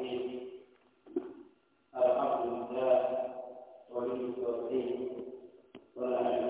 الرحيم الحمد لله وليه التوحيد ولا اله الا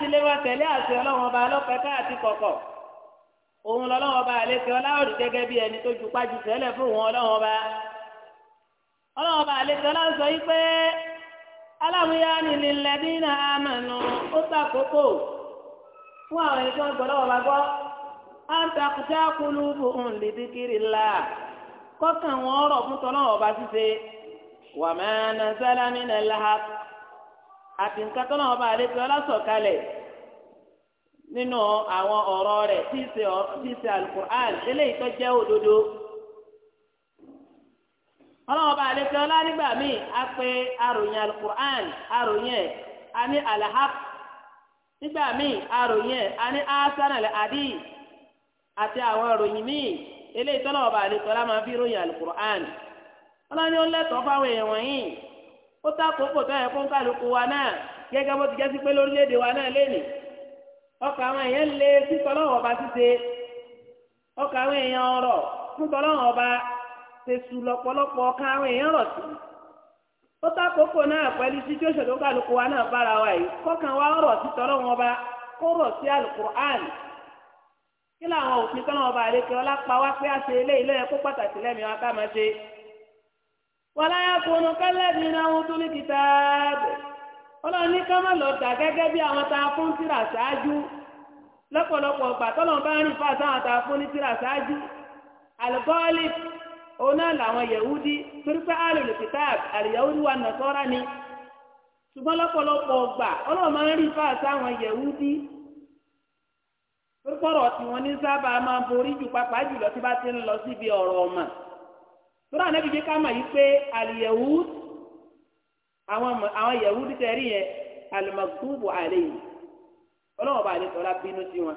ti lè máa tẹ̀lé àti ọlọ́wọ́n ọba lọ́pẹ́ká àti kọ̀kọ̀ òun lọ́lọ́wọ́n ọba àlékè gẹ́gẹ́ bí ẹni tó ju pájú tẹ́lẹ̀ fún òun ọlọ́wọ́n ọba ọlọ́wọ́n sọ yí pé aláwòyá nílé lẹ́bí náà àmàlù ó sàkókò fún àwọn ẹni tó ń gbọ́ á ń la kọ́kàn wọn rọ̀ fún tọ́lọ́wọ́n àti nǹkan tọ́lọ́ ọba àlejò ọlásọ̀kalẹ̀ nínú àwọn ọ̀rọ̀ rẹ̀ tí ì ṣe alukur'an eléyìí tó jẹ́ òdodo ọlọ́wọ́ bá àlejò ọlá nígbà míì á pé àròyìn alukur'an àròyìn ẹ̀ á ní alahaq nígbà míì àròyìn ẹ̀ á ní asanal adi àti àwọn àròyìn míì eléyìí tọ́lọ́wọ́ bá àlejò ọlá máa fi ròyìn alukur'an ọlọ́ni ó lẹ́tọ̀ọ́ fáwọn èèyàn wọ̀nyí ó tako pọ̀ tó yẹ fún kálukú wa náà gẹ́gẹ́ bó ti jẹ́ sí pé lórílẹ̀‐èdè wa náà lénìí ọkọ̀ àwọn èèyàn lé títọ́lọ́wọ́ ọba ṣíṣe ọkọ̀ àwọn èèyàn ọ̀rọ̀ títọ́lọ́wọ́ ọba ṣe sùn lọ́pọ̀lọpọ̀ ọkọ̀ àwọn èèyàn rọ̀ sí ó tako pọ̀ náà pẹ̀lú títí òṣèlú kálukú wa náà bára wa yìí kọ́kàn wa ọ̀rọ̀ títọ́lọ́wọ́ ọba kó rọ̀ sí alukur'an kí làwọn òfin tọ́lọ́wọ́ ọba àlekè ọlá pa wá pé àṣẹ eléyìí lẹ́yìn kó pàtàkì lẹ́mìí wa ká máa ṣe wàlá yà kúnú kálẹ́bí náà wọ́n tún ní kìtàbù ọlọ́run ní ká má lọ dà gẹ́gẹ́ bí àwọn tá a fún tírà ṣáájú lọ́pọ̀lọpọ̀ ọgbà tọ́lọ̀ bá ń rìn fún àtàwọn tá a fún ní tírà ṣáájú àlùbọ́ọ̀lì òun náà làwọn yẹ̀wúdí torí pé àlùlù kìtàbù àlùyẹ̀wúdí wà nàṣọ́ra ni ṣùgbọ́n lọ́pọ̀lọpọ̀ ọgbà ọlọ́run máa ń rìn fún àtàwọn yẹ̀wúdí pípọ̀rọ̀ tí wọ́n ní sábà máa borí ju pápá jùlọ tí bá ti tóra ànábi jẹ́ ká mà yí pé àlìyẹ̀wù àwọn àwọn yẹ̀wù títẹ̀ rí yẹn àlùmọ̀gbùbù àlẹ́ yìí ọlọ́wọ́ bá àlẹ́ sọ̀rọ̀ bínú sí wọn.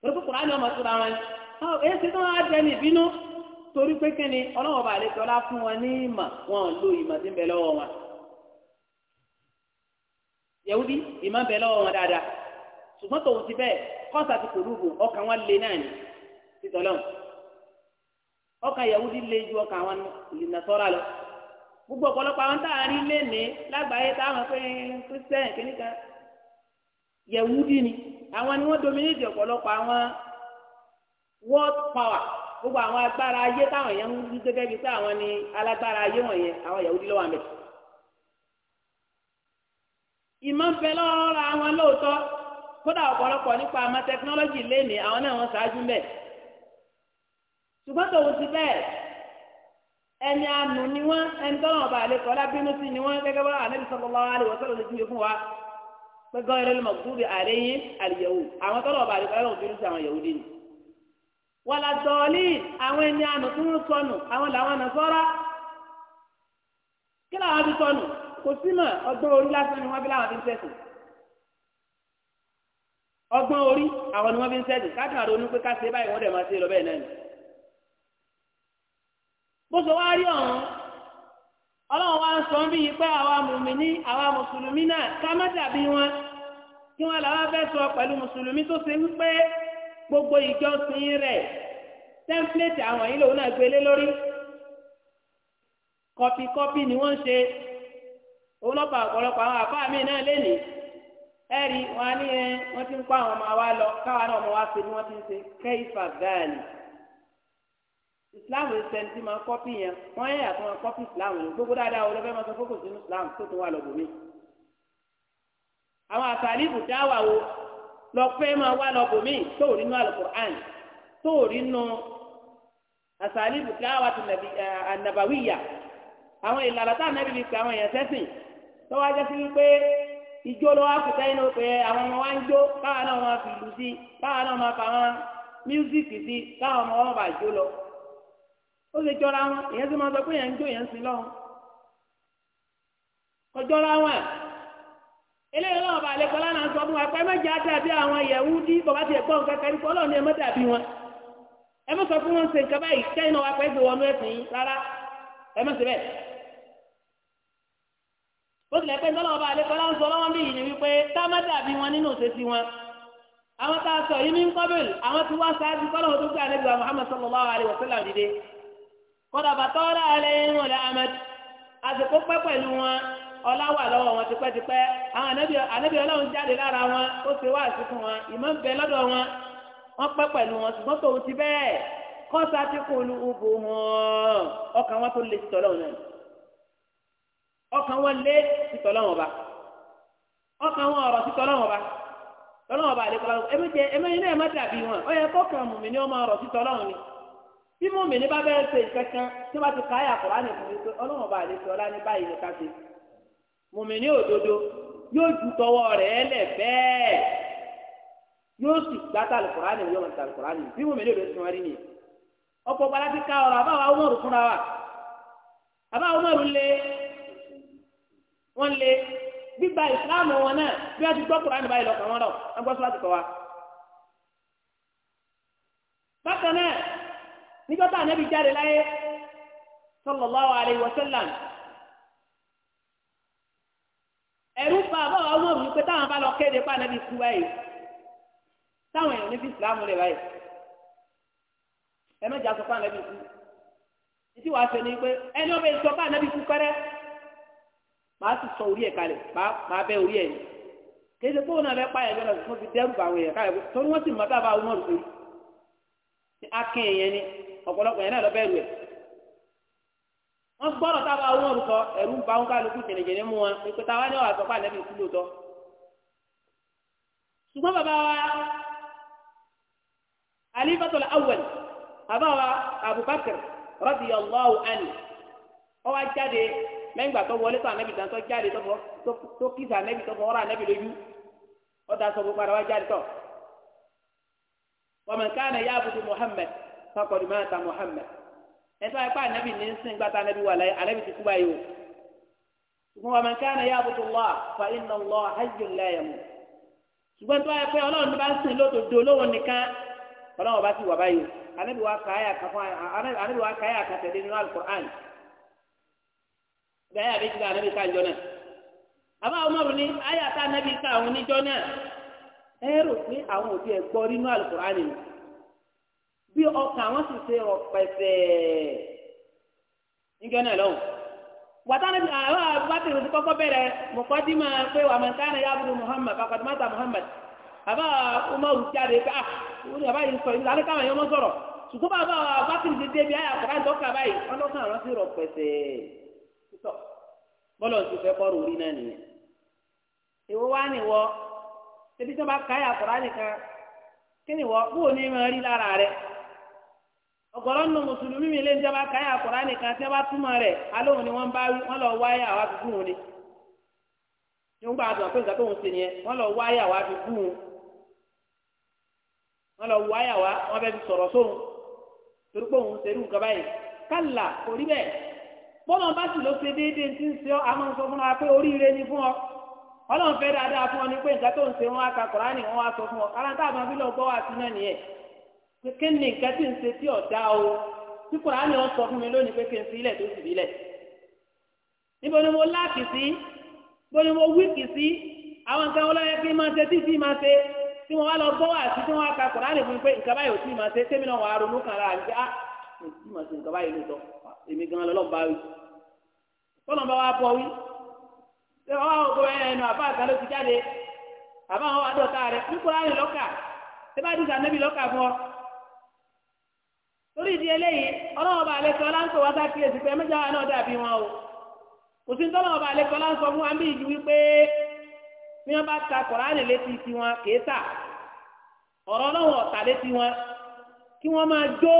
torí pé kùránì ọmọ tóra wọn ẹ ṣe tí wọn á ní ìbínú ni ọlọ́wọ́ bá àlẹ́ sọ̀rọ̀ fún wọn ní ìmọ̀ wọn ò lo ìmọ̀ tí ń lọ́wọ́ wọn. yẹ̀wù bí ìmọ̀ ń lọ́wọ́ wọn ọkàn yahudi le ju ọkàn àwọn nasọra lọ gbogbo ọ̀pọ̀lọpọ̀ àwọn tá a rí léne lágbàáyé táwọn pé kristian kìnìkan yahudi ni àwọn ni wọ́n dominate ọ̀pọ̀lọpọ̀ àwọn world power gbogbo àwọn agbára ayé táwọn yẹn ń rí gẹ́gẹ́ bíi táwọn ni alágbára ayé wọ̀nyẹn àwọn yahudi lọ́wọ́ àmì. ìmọ̀ ń bẹ lọ́rọ̀ àwọn lóòótọ́ kódà ọ̀pọ̀lọpọ̀ nípa àmọ́ tẹkinọ́lọ́jì léne àwọn náà wọ́n ṣáájú mẹ́ẹ̀ ṣùgbọ́n tòun ti bẹ́ẹ̀ ẹni àánú ni wọ́n ẹni tọ́lọ́ ọba àlekọ́ lábínú sí ni wọ́n gẹ́gẹ́ bá ànábì sallallahu alaihi wasallam lójú fún wa pé gan eré lọ́mọ kúrò àlẹ́yìn àlìyẹ̀wò àwọn tọ́lọ́ ọba àlekọ́ lọ́wọ́ bínú sí àwọn yẹ̀wò dé ni. wàlá dọ̀ọ́lì àwọn ẹni àánú tó ń sọnù àwọn làwọn nà sọ́ra kí làwọn fi sọnù kò sí mọ̀ ọgbọ́n orí lásán ni wọ́n fi láwọn fi ń sẹ̀sìn ọgbọ́n orí àwọn ni wọ́n fi ń sẹ̀sìn ká bó ṣe wá rí ọ̀hún ọlọ́run wá ń sọ bí yìí pé àwa mùmíní àwa mùsùlùmí náà ká má dàbí wọn kí wọn làwọn fẹ́ sọ pẹ̀lú mùsùlùmí tó ṣe wípé gbogbo ìjọsìn rẹ̀ tẹ́ḿpìlẹ̀tì àwọn yìí lòun náà gbélé lórí kọpikọpi ni wọ́n ń ṣe òun lọ́pàá ọ̀pọ̀lọpọ̀ àwọn àfáà mi náà lénìí ẹ̀rí wọn á ní ẹ wọ́n ti ń kó àwọn ọmọ wa lọ káwa náà ọmọ wa ṣe ni wọ́n ti ń ṣe kẹ́hìfà gáàlì islam ń sẹ́ni tí máa ń kọ́pì yẹn wọ́n yẹn àti máa ń kọ́pì islam yẹn gbogbo dáadáa olófẹ́ máa sọ fókò sínú islam tó tún wà lọ́bùnmí. àwọn àtàlíbù dáwà wo lọ́pẹ́ máa wà lọ́bùnmí tó nínú alukur'an tó nínú àtàlíbù dáwà tó ànàbàwíyà àwọn ìlànà tá ànábì fi pè àwọn èèyàn sẹ́sìn tó wá jẹ́ sí wípé ìjó ló wá fìtẹ́ inú pé àwọn ọmọ wa ń jó káwọn náà máa fi ìlú sí káwọn náà máa fa àwọn mísíkì ó lè jọra wọn èèyàn sì máa sọ pé èèyàn ń jó èèyàn sí lọ́wọ́ ọjọ́ra wọn eléyìí náà bá lè kọ́lá náà sọ fún wa pé mẹ́jẹ á dàbí àwọn Yẹhudi bàbá tiẹ̀ pọ̀ nǹkan kan nípa ọlọ́run ẹ má dàbí wọn ẹ má sọ fún wọn ṣe nǹkan báyìí kẹ́yìn náà wá pẹ́ gbé wọnú ẹ̀sìn yìí rárá ẹ má ṣe bẹ́ẹ̀. bó tilẹ̀ pé ńlọ́wọ́ bá lè kọ́lá ń sọ lọ́wọ́ bí ni wípé tá má dàbí wọn nínú òṣèṣì wọn àwọn tá a sọ yìí ní kọ́bìl àwọn tí wọ́n ṣáájú kọ́lọ́wọ́ kódà bàtọ́ ọ̀rọ̀ alẹ́ ń lọ amadu àsìkò pẹ́ pẹ̀lú wọn ọlá wà lọ́wọ́ wọn tipẹ́tipẹ́ àwọn ànábì ọlọ́run jáde lára wọn ó ṣe wá àsìkò wọn ìmọ̀ ń bẹ lọ́dọ̀ wọn pẹ́ pẹ̀lú wọn ṣùgbọ́n tòun ti bẹ́ẹ̀ lu ọkàn wọn tó ti tọ́lọ́run náà ọkàn wọn ọba ọkàn wọn ọ̀rọ̀ ti ẹ̀mẹ́jẹ náà ẹ̀ má bí mo mìíní bá bẹ́ẹ̀ ṣe kankan tí wọ́n ti ka ayé àkùránì fún mi pé ọlọ́run bá lè fi ọlá ní báyìí ní ká ṣe mo mìíní òdodo yóò ju tọwọ́ rẹ̀ lẹ̀ bẹ́ẹ̀ yóò sì gbá tàlùkùránì yóò mọ̀ tàlùkùránì bí mo mìíní òdodo ti wọ́n rí nìyẹn ọ̀pọ̀ bala ti ka ọ̀rọ̀ àbáwá ọmọrù fúnra wa àbáwá ọmọrù lé wọ́n lé gbígba ìsìláàmù wọn náà bí wọ́n ti gbọ́ kùránì báyìí lọ́kàn wọn lọ nígbà tá ànábì jáde láyé sallallahu alaihi wasallam ẹ̀rú pa àbáwọ̀ ọmọ òun pé táwọn bá lọ kéde pa ànábì kú báyìí táwọn èèyàn níbi ìsìlámù rẹ̀ báyìí ẹ mẹ́jà sọ pa ànábì kú títí wàá fẹ́ ni pé ẹni ọbẹ̀ sọ pa ànábì kú kọ́rẹ́ màá sì sọ orí ẹ̀ kalẹ̀ màá bẹ́ orí ẹ̀ yìí kéde kó wọn abẹ kpayẹ lọ fún fi dẹrù bàwọn yẹ káyọ torí wọn ti mọ tá a bá pé akin yẹn ni ọ̀pọ̀lọpọ̀ yẹn náà lọ bẹ́ẹ̀ rẹ̀ wọ́n gbọ́dọ̀ tá a bá wọ́n rúkọ ẹ̀rú ń ba wọn kálukú jẹ̀nẹ̀jẹ̀nẹ̀ mú wọn pé táwa ní ọ̀rọ̀ àtọ́kọ́ àlẹ́ mi kú lóòótọ́ ṣùgbọ́n bàbá wa alifatul awwal bàbá wa Abubakar radiyallahu anhu ó wá jáde mẹ́ngbà tó wọlé tó ànábì dantọ́ jáde tó kíso ànábì tó fọwọ́rọ́ ànábì lójú ó da sọ gbogbo jáde tọ̀ wa man kana ya'budu Muhammad fakọd mata Muhammad ẹtọ ẹkọ anabi ní nsìn gbàtà anabi wà láyé anabi ti kú báyìí o ṣùgbọ́n wa man kana ya'budu Allah fa inna Allah hayyun la yamut ṣùgbọ́n tó ẹkọ Ọlọ́run ní bá ń sìn lódodo lóhun nìkan Ọlọ́run bá ti wà báyìí o anabi wa kàáyà kàfọ anabi wa kàáyà kàtẹdé nínú al-Qur'an bẹ́ẹ̀ àbí ti ká anabi ká njọ náà àbá Umaru ní ayé anabi ká àwọn oníjọ náà ẹ rò pé àwọn òbí ẹ bí ọkàn àwọn sì ṣe ọ̀pẹ̀sẹ̀ níjọ́ náà lọ́hùn. wàtá níbi àwọn abúgbàtìrì ti kọ́kọ́ bẹ̀rẹ̀ mọ̀kọ́dímà pé wà mọ̀ nǹkan ẹ̀yà abudu muhammad kàkọ́dímàtà muhammad àbá umaru jáde pé ah àbá yìí sọ ìlànà káwọn èèyàn mọ́ sọ̀rọ̀ ṣùgbọ́n bàbá abúgbàtìrì ti débi ayé àkàrà ìtọ́ka báyìí wọ́n lọ́kàn àwọn sì rọ̀ pẹ̀sẹ̀ bọ́lọ̀ ti fẹ́ kọ́ rori náà nìyẹn ìwọ wá ní wọ ṣe bí sọ́ba káyà àkàrà nìkan kí ni wọ́ bóò ní ma rí lára rẹ̀ ọ̀gọ̀rọ̀ nù mùsùlùmí mi lé ní sábà káyà àkùrá nìkan tí wọn bá lọ wáyà wá fi ni ní wọ́n bá àpéjọ lọ wáyà wá fi gún un wọ́n lọ wáyà wá wọ́n fi torí pé òun nǹkan báyìí kálà kò bá sì ló ṣe déédéé tí ń ni fún ọ ọlọ́run fẹ́ dáadáa fún ọ ní pé sọ pé kí ni nǹkan tí ń ṣe tí ọ̀dá o tí kùránì ọ̀ sọ fún mi lónìí pé kí n fi ilẹ̀ tó sì bílẹ̀ níbo ni mo láàkì sí níbo ni mo wíìkì sí àwọn nǹkan ọlọ́yẹ kí n máa ṣe tí ì máa ṣe tí wọ́n wá lọ bọ́ wá sí tí wọ́n wá ka kùránì fún mi pé nǹkan báyìí ò tí ì máa ṣe tẹ́mi náà wà á ronú kan ra àti ah mo tí ì máa ṣe nǹkan báyìí lóòótọ́ èmi gan lọ́lọ́ bá wí tọ́nà bá wá bọ̀ wí ṣé wọ́n wá òkú ẹnu àbá àtàló ti jáde àbá wọn wá dọ̀ta rẹ̀ nípò láàrin torí ìdí eléyìí ọlọ́run ọba àlejò ọláńkò wá sáà kíyèsí pé mẹ́jọ wa náà dàbí wọn o kò sí tọ́lọ́run ọba àlejò ọláńkò fún wa ń bí ìjú wípé bí wọ́n bá ta kọ̀ránì létí tiwọn kìí tà ọ̀rọ̀ ọlọ́run ọ̀tà létí wọn kí wọ́n máa jó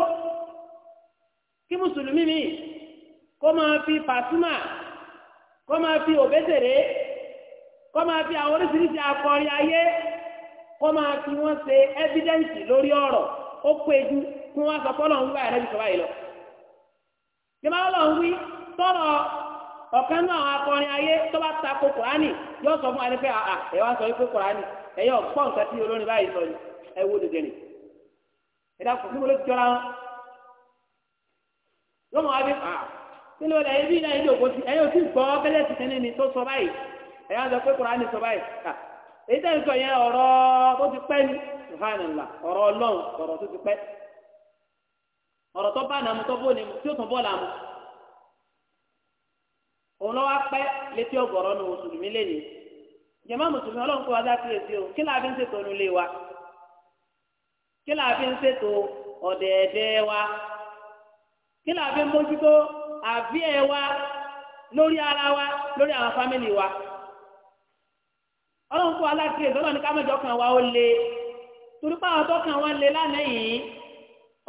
kí mùsùlùmí mi kó máa fi pàtúmà kó máa fi òbésèré kó máa fi àwọn oríṣiríṣi akọrin ayé kó máa fi wọ́n ṣe ẹ́fídẹ́ǹsì lórí ọ̀rọ̀ ó péjú. kí wọ́n sọ pọ́lọ̀ ń wí báyìí sọ báyìí lọ. kí máa lọ ń wí tọrọ ọ̀kan náà akọrin ayé tó ta ko kùránì yóò sọ fún wa pé àà ẹ̀ wá sọ wípé kùránì yọ pọ̀ nǹkan tí olórin báyìí sọ yìí wo dèdè dàpọ̀ kí wọn. yóò mọ̀ ni tó sọ báyìí ẹ̀ yá sọ pé kùránì sọ báyìí sọ yẹn ọ̀rọ̀ tó ti pẹ́ ni ọ̀rọ̀ tó bá nàmú tó bó ni mu tí ó tún bọ́ làmú òun lọ́wọ́ apẹ́ létí ọ̀gọ̀rọ̀ nu mùsùlùmí lẹ́yìn jẹ̀mọ́ mùsùlùmí ọlọ́run kó wa dá sí èsì o kí la fi ń ṣètò ọ̀nù lé wa kí la fi ń ṣètò ọ̀dẹ̀ẹ̀dẹ̀ wa kí la fi ń mójútó àbí wa lórí ara wa lórí àwọn fámìlì wa ọlọ́run kó wa dá sí èsì ọlọ́run ká mọ̀jọ́ kan wa ó le torí pé àwọn tó kan wọn le lánàá yìí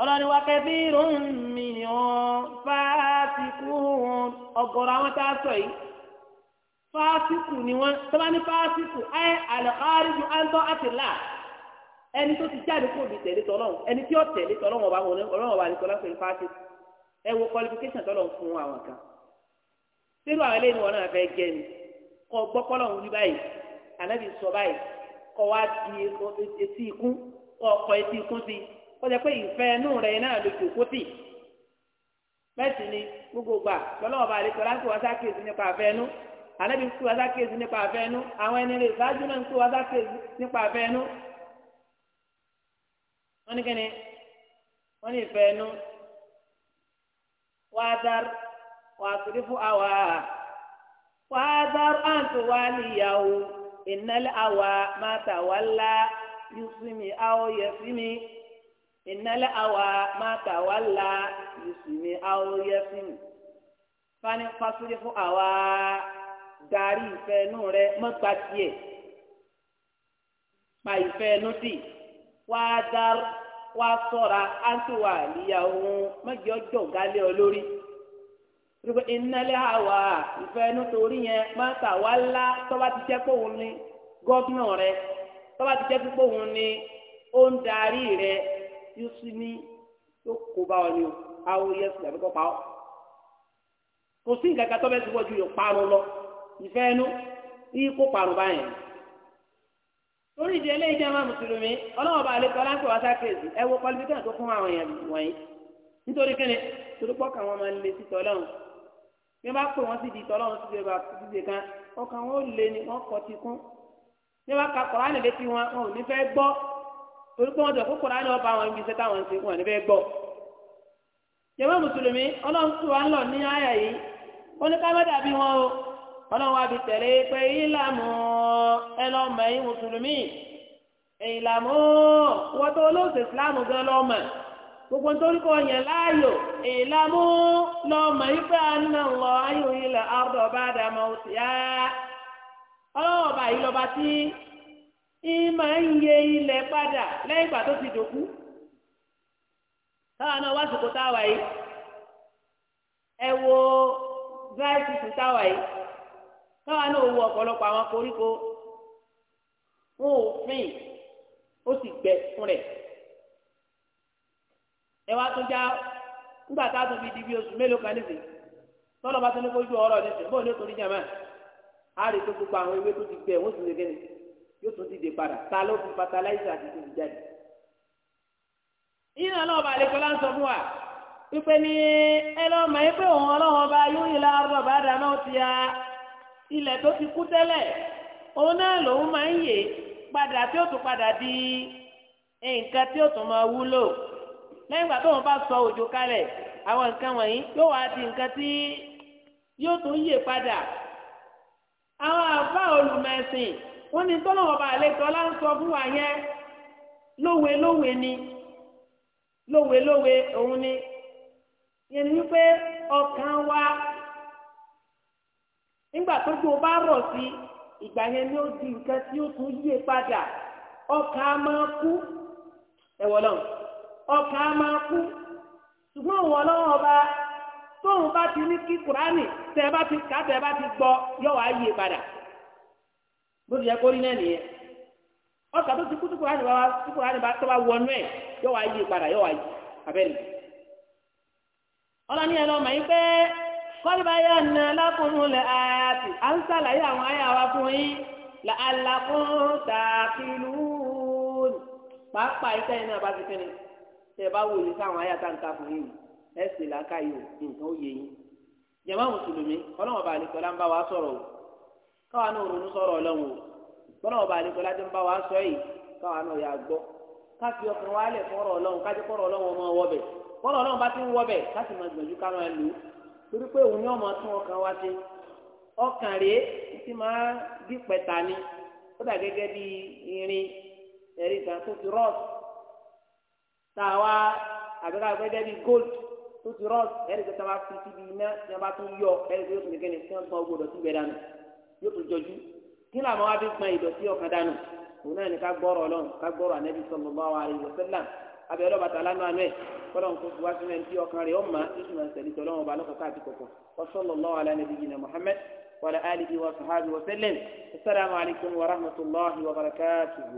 ọlọ́ni wa kẹfí irun mìíràn fásikù ọgọ́rọ̀ àwọn tá a sọ yìí fásikù ni wọn tọ́ba ní fásikù ẹ alẹ́kárìbù àńtọ́ àtìlá ẹni tó ti jáde kó bi tẹ̀lé tọ́lọ́ ẹni tí ó tẹ̀lé tọ́lọ́ wọn bá wọn ọlọ́run ọba àdìsọ́lá pẹ̀lú fásikù ẹ wo qualification tọ́lọ̀ ń fún àwọn kan sínú àwọn eléyìí wọn náà fẹ́ jẹ ni kọ gbọ́ kọ́lọ̀ ń wí ó jẹ́ pé ìfẹ́ inú rẹ̀ náà ló jòkó tì bẹ́ẹ̀ sì ni gbogbo gbà lọ́lọ́wọ́ bá lè sọ láti wá sákèsí nípa àfẹ́ inú ànábi ń kó wá sákèsí nípa àfẹ́ inú àwọn ẹni rẹ̀ ṣáájú náà kó wá sákèsí nípa àfẹ́ inú wọ́n ní kíni wọ́n ní ìfẹ́ inú wàá dar wàá sórí fún àwa wàá dar àǹtí wàá níyàwó ìnálẹ́ àwa máa tà wá lá yusuf mi àwọ̀ ìnálẹ́ àwa máa tà wá la ìsìnmi àwòyẹ́sìn fani fasúlé fún àwa darí ìfẹ́ inú rẹ mọ́ta tiẹ̀ pa ìfẹ́ inú tì wá dar wá sọ̀ra ántìwá níyàwó mọ́jọ́ jọ̀gálẹ̀ ọ awa rúbọ ìnálẹ́ àwa ìfẹ́ inú torí yẹn máa wá la tọ́ba ti ní rẹ tọ́ba ti yóò sì ní tó kó bá ọ ní o awo yẹ sùn àbíkọ́ pa ọ́ kò sí nǹkan kan tó bẹ́ẹ̀ ti wọ́n ju yóò parun lọ ìfẹ́ ẹnu yìí kó parun báyẹn torí ìdí eléyìí jẹ́ máa mùsùlùmí ọlọ́wọ́ bá alẹ́ tọ́lá ń pè wá sákèsì ẹ wo kọlifíkàn tó fún àwọn èèyàn wọ̀nyí nítorí kíni torí pọ́ káwọn máa lè sí tọ́lọ́run bí wọ́n bá pè wọ́n sí di tọ́lọ́run sí ìjọba ìdíje kan ọkàn wọn ò lè ní wọ́n kọ́ ti kún bí wọ́n bá ka orúkọ wọn dọ̀kú kura ni wọn bá wọn ibi iṣẹ́ táwọn ń ṣe wọn níbẹ̀ gbọ́. jẹ́wọ́ mùsùlùmí ọlọ́run tún wá ń lọ ní àyà yìí wọ́n ní ká má dàbí wọn o ọlọ́run wa fi tẹ̀lé pé ìlàmù ẹ lọ mọ̀ ẹ̀yin mùsùlùmí ìlàmù wọ́n tó olóòṣè ìsìlámù gan lọ mọ̀ gbogbo nítorí kò yẹn láàyò ìlàmù lọ mọ̀ ife àná lọ ayò ilẹ̀ àrùdọ̀ bá dàmọ̀ òsì ìmọ̀ ń yẹ ilẹ̀ padà lẹ́yìn ìgbà tó ti dòkú táwa náà wá sòkò táwa yìí ẹ wo dry season táwa yìí táwa náà wo ọ̀pọ̀lọpọ̀ àwọn koríko wọn ò fìn ó sì gbẹ fún rẹ̀ ẹ wá fi di bí oṣù mélòó kan nísìnyí ní kó ju ọ̀rọ̀ nísìnyí yóò tún dìde padà ta ló fi fatalaisa àti tó fi jáde. iná náà bá àlejò láǹsọ fún wa pípé ní ẹ lọ́ọ́ mọ̀ ẹ́ pé òun ọlọ́run ọba yóò yí láàárọ̀ bá dáná ó ti ya ilẹ̀ tó ti kú tẹ́lẹ̀ òun náà lòun máa ń yè padà tí ó tún padà di nǹkan tí ó tún máa wúlò lẹ́yìn ìgbà tóun bá sọ òjò kalẹ̀ àwọn nǹkan wọ̀nyí yóò wá di nǹkan tí yóò tún yè padà àwọn àbá olùmẹ̀sìn wọ́n ní tọ́lọ́wọ́ bá àlejò ọlá fún wa yẹn lówe lówe ni lówe lówe òun ni yẹn ni pé ọkàn wa nígbà tó tó bá rọ̀ sí ìgbà yẹn ni ó di nǹkan tí ó tún yíye padà ọkàn á máa kú ẹ̀wọ̀ lọ́n ọkàn á máa kú ọba tóun bá ti ní kí tẹ́ ẹ bá ti kà bó ti yẹ kó rí náà nìyẹn ọkà tó ti kú tó kúránì bá tó kúránì bá tó bá wọnú ẹ yóò wá yí padà yóò wá yí abẹ́rẹ́ ọlọ́ni ẹ̀rọ mọ̀ yín pé kọ́líbà yà nà lákùnrin lẹ̀ àyàtì à ń sàlàyé àwọn àyà wa fún yín là àlàkùn tààkìlù pàápàá iṣẹ́ yìí náà bá ti fẹ́ni tẹ ẹ bá wòye sáwọn àyà tá fún yín ẹ sì làákàyè nǹkan ó yẹ yín jẹ̀mọ́ mùsùlùmí ọlọ́wọ́n bá àlìkọ́lá ń bá wa sọ̀rọ̀ o. káwa náà ronú sọ̀rọ̀ ọlọ́run bọ́lá ọba àlejò láti ń bá wa sọ yìí káwa náà yà gbọ́ ká wa lẹ̀ fọ́rọ̀ fọ́rọ̀ ọmọ wọbẹ̀ fọ́rọ̀ ọlọ́run bá ti ń wọbẹ̀ ká máa ká máa torí pé òun wa ṣe ọkàn rèé ti máa bí pẹ̀tà ni ó dà gẹ́gẹ́ bí irin ẹ̀rí tó ti rọ́ọ̀sì àgbẹ̀ká yóò tún jọjú kí làwọn wá fi gbọn ìdọ̀tí ọkàn dànù òun náà ní ká gbọ́rọ̀ ọlọ́run ká gbọ́rọ̀ ànẹ́bí sallallahu alaihi wasallam abẹ́ ọlọ́bàtà lánàá nù ẹ̀ kọ́lọ́n kó fi wá sínú ẹni tí ọkàn rẹ̀ ọ̀ma yóò máa tẹ̀lé tọ́lọ́ wọn bá lọ́kọ̀ káàdì kọ̀kọ̀ wa sallallahu ala nabiyyina Muhammad wa ala alihi